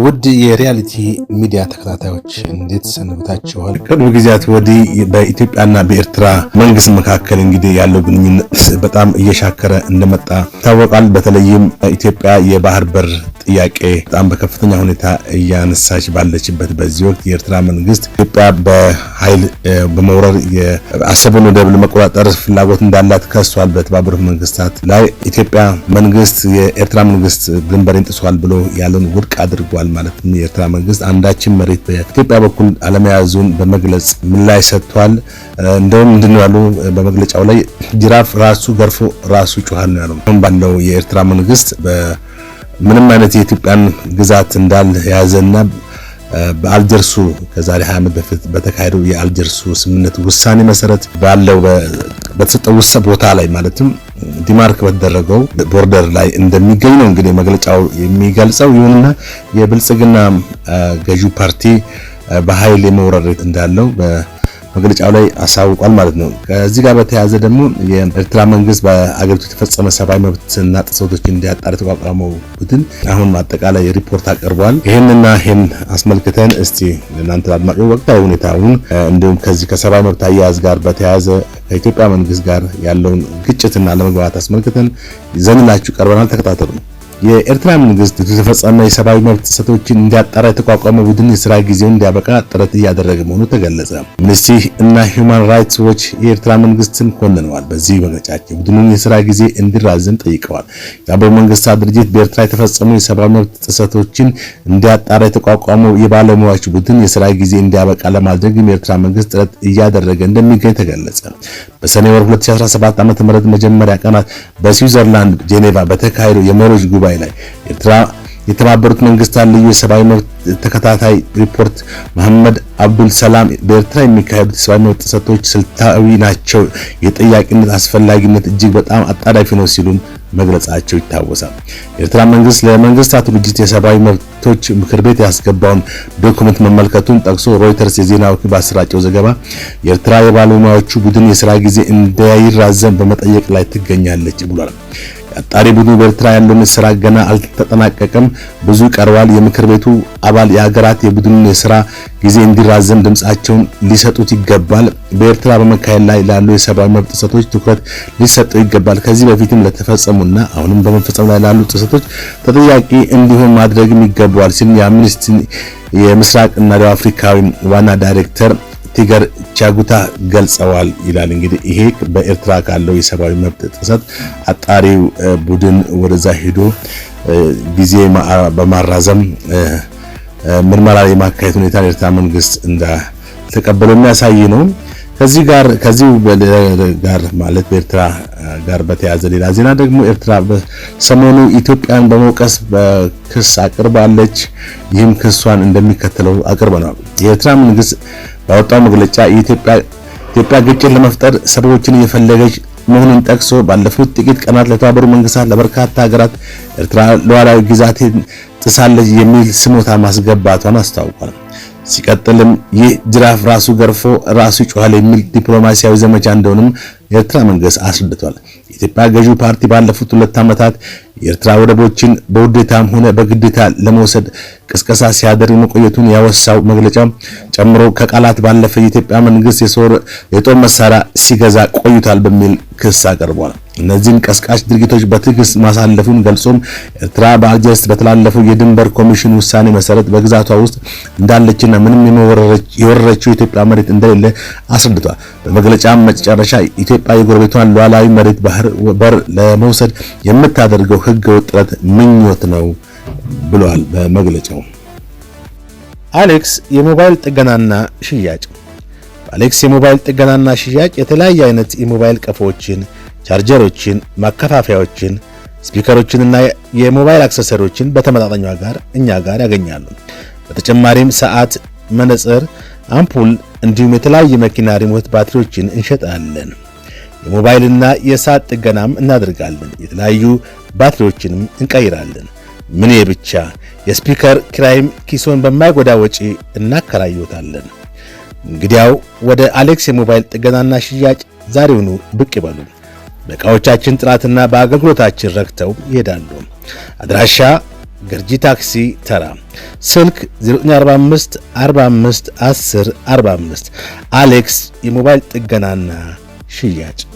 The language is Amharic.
ውድ የሪያሊቲ ሚዲያ ተከታታዮች እንዴት ሰንብታችኋል? ከቅርብ ጊዜያት ወዲህ በኢትዮጵያና በኤርትራ መንግስት መካከል እንግዲህ ያለው ግንኙነት በጣም እየሻከረ እንደመጣ ይታወቃል። በተለይም ኢትዮጵያ የባህር በር ጥያቄ በጣም በከፍተኛ ሁኔታ እያነሳች ባለችበት በዚህ ወቅት የኤርትራ መንግስት ኢትዮጵያ በኃይል በመውረር የአሰብን ወደብ ለመቆጣጠር ፍላጎት እንዳላት ከሷል። በተባበሩት መንግስታት ላይ ኢትዮጵያ መንግስት የኤርትራ መንግስት ድንበሬን ጥሷል ብሎ ያለውን ውድቅ አድርጓል። ማለት ነው። የኤርትራ መንግስት አንዳችን መሬት በኢትዮጵያ በኩል አለመያዙን በመግለጽ ምላሽ ሰጥቷል። እንደውም ምንድን ያሉ በመግለጫው ላይ ጅራፍ ራሱ ገርፎ ራሱ ጩኋል ነው ያለው። ባለው የኤርትራ መንግስት ምንም አይነት የኢትዮጵያን ግዛት እንዳልያዘና በአልጀርሱ ከዛሬ 20 ዓመት በፊት በተካሄደው የአልጀርሱ ስምምነት ውሳኔ መሰረት ባለው በተሰጠው ውስን ቦታ ላይ ማለትም ዲማርክ በተደረገው ቦርደር ላይ እንደሚገኝ ነው እንግዲህ መግለጫው የሚገልጸው። ይሁንና የብልጽግና ገዢ ፓርቲ በኃይል የመውረር እንዳለው መግለጫው ላይ አሳውቋል ማለት ነው። ከዚህ ጋር በተያያዘ ደግሞ የኤርትራ መንግስት በአገሪቱ የተፈጸመ ሰብአዊ መብትና ጥሰቶች እንዲያጣር የተቋቋመው ቡድን አሁን አጠቃላይ ሪፖርት አቅርቧል። ይህንና ይህን አስመልክተን እስቲ እናንተ አድማጮች ወቅታዊ ሁኔታውን እንዲሁም ከዚህ ከሰብአዊ መብት አያያዝ ጋር በተያያዘ ከኢትዮጵያ መንግስት ጋር ያለውን ግጭትና ለመግባባት አስመልክተን ይዘንላችሁ ቀርበናል። ተከታተሉ። የኤርትራ መንግስት የተፈጸመ የሰብአዊ መብት ጥሰቶችን እንዲያጣራ የተቋቋመ ቡድን የስራ ጊዜውን እንዲያበቃ ጥረት እያደረገ መሆኑ ተገለጸ። አምነስቲ እና ሂውማን ራይትስ ዎች የኤርትራ መንግስትን ኮንነዋል። በዚህ መግለጫቸው ቡድኑን የስራ ጊዜ እንዲራዘም ጠይቀዋል። የተባበሩት መንግስታት ድርጅት በኤርትራ የተፈጸሙ የሰብአዊ መብት ጥሰቶችን እንዲያጣራ የተቋቋመው የባለሙያዎች ቡድን የስራ ጊዜ እንዲያበቃ ለማድረግ የኤርትራ መንግስት ጥረት እያደረገ እንደሚገኝ ተገለጸ። በሰኔ ወር 2017 ዓ.ም መጀመሪያ ቀናት በስዊዘርላንድ ጄኔቫ በተካሄደው የመሪዎች ጉባኤ ጉባኤ ላይ ኤርትራ የተባበሩት መንግስታት ልዩ የሰብአዊ መብት ተከታታይ ሪፖርት መሐመድ አብዱል ሰላም በኤርትራ የሚካሄዱት የሰብአዊ መብት ጥሰቶች ስልታዊ ናቸው፣ የጠያቂነት አስፈላጊነት እጅግ በጣም አጣዳፊ ነው ሲሉም መግለጻቸው ይታወሳል። የኤርትራ መንግስት ለመንግስታት ድርጅት የሰብአዊ መብቶች ምክር ቤት ያስገባውን ዶክመንት መመልከቱን ጠቅሶ ሮይተርስ የዜና ወኪል ባሰራጨው ዘገባ የኤርትራ የባለሙያዎቹ ቡድን የስራ ጊዜ እንዳይራዘም በመጠየቅ ላይ ትገኛለች ብሏል። አጣሪ ቡድኑ በኤርትራ ያለውን ስራ ገና አልተጠናቀቀም፣ ብዙ ቀርቧል። የምክር ቤቱ አባል የሀገራት የቡድኑን የስራ ጊዜ እንዲራዘም ድምጻቸውን ሊሰጡት ይገባል። በኤርትራ በመካሄድ ላይ ላሉ የሰብአዊ መብት ጥሰቶች ትኩረት ሊሰጠው ይገባል። ከዚህ በፊትም ለተፈጸሙና አሁንም በመፈጸም ላይ ላሉ ጥሰቶች ተጠያቂ እንዲሆን ማድረግም ይገባዋል ሲል የአምነስቲ የምስራቅና ደቡብ አፍሪካዊ ዋና ዳይሬክተር ቲገር ቻጉታ ገልጸዋል ይላል። እንግዲህ ይሄ በኤርትራ ካለው የሰብአዊ መብት ጥሰት አጣሪው ቡድን ወደዛ ሄዶ ጊዜ በማራዘም ምርመራ የማካሄድ ሁኔታ የኤርትራ መንግስት እንዳልተቀበለው የሚያሳይ ነው። ከዚህ ጋር ከዚህ ጋር ማለት በኤርትራ ጋር በተያያዘ ሌላ ዜና ደግሞ ኤርትራ ሰሞኑ ኢትዮጵያን በመውቀስ በክስ አቅርባለች። ይህም ክሷን እንደሚከተለው አቅርበናል። የኤርትራ መንግስት ባወጣው መግለጫ ኢትዮጵያ ግጭት ለመፍጠር ሰበቦችን እየፈለገች መሆኑን ጠቅሶ ባለፉት ጥቂት ቀናት ለተባበሩ መንግስታት ለበርካታ ሀገራት ኤርትራ ሉዓላዊ ግዛቴን ጥሳለች የሚል ስሞታ ማስገባቷን አስታውቋል። ሲቀጥልም ይህ ጅራፍ ራሱ ገርፎ ራሱ ይጮኋል የሚል ዲፕሎማሲያዊ ዘመቻ እንደሆንም የኤርትራ መንግስት አስረድቷል። የኢትዮጵያ ገዢው ፓርቲ ባለፉት ሁለት ዓመታት የኤርትራ ወደቦችን በውዴታም ሆነ በግዴታ ለመውሰድ ቅስቀሳ ሲያደርግ መቆየቱን ያወሳው መግለጫ ጨምሮ ከቃላት ባለፈ የኢትዮጵያ መንግስት የጦር መሳሪያ ሲገዛ ቆይቷል በሚል ክስ አቅርቧል። እነዚህን ቀስቃሽ ድርጊቶች በትዕግስት ማሳለፉን ገልጾም ኤርትራ በአልጀርስ በተላለፈው የድንበር ኮሚሽን ውሳኔ መሰረት በግዛቷ ውስጥ እንዳለችና ምንም የወረረችው የኢትዮጵያ መሬት እንደሌለ አስረድቷል። በመግለጫ መጨረሻ ኢትዮጵያ የጎረቤቷን ሉዓላዊ መሬት ባህር በር ለመውሰድ የምታደርገው ህገወጥ ጥረት ምኞት ነው ብሏል በመግለጫው። አሌክስ የሞባይል ጥገናና ሽያጭ አሌክስ የሞባይል ጥገናና ሽያጭ የተለያየ አይነት የሞባይል ቀፎዎችን፣ ቻርጀሮችን፣ ማከፋፈያዎችን፣ ስፒከሮችንና የሞባይል አክሰሰሪዎችን በተመጣጣኝ ዋጋ እኛ ጋር ያገኛሉ። በተጨማሪም ሰዓት፣ መነጽር፣ አምፑል እንዲሁም የተለያየ መኪና ሪሞት ባትሪዎችን እንሸጣለን። የሞባይልና የሳት ጥገናም እናደርጋለን። የተለያዩ ባትሪዎችንም እንቀይራለን። ምን ብቻ የስፒከር ኪራይም ኪሶን በማይጎዳ ወጪ እናከራይዎታለን። እንግዲያው ወደ አሌክስ የሞባይል ጥገናና ሽያጭ ዛሬውኑ ብቅ ይበሉ። በዕቃዎቻችን ጥራትና በአገልግሎታችን ረክተው ይሄዳሉ። አድራሻ ገርጂ ታክሲ ተራ፣ ስልክ 0945 45 10 45። አሌክስ የሞባይል ጥገናና She yet.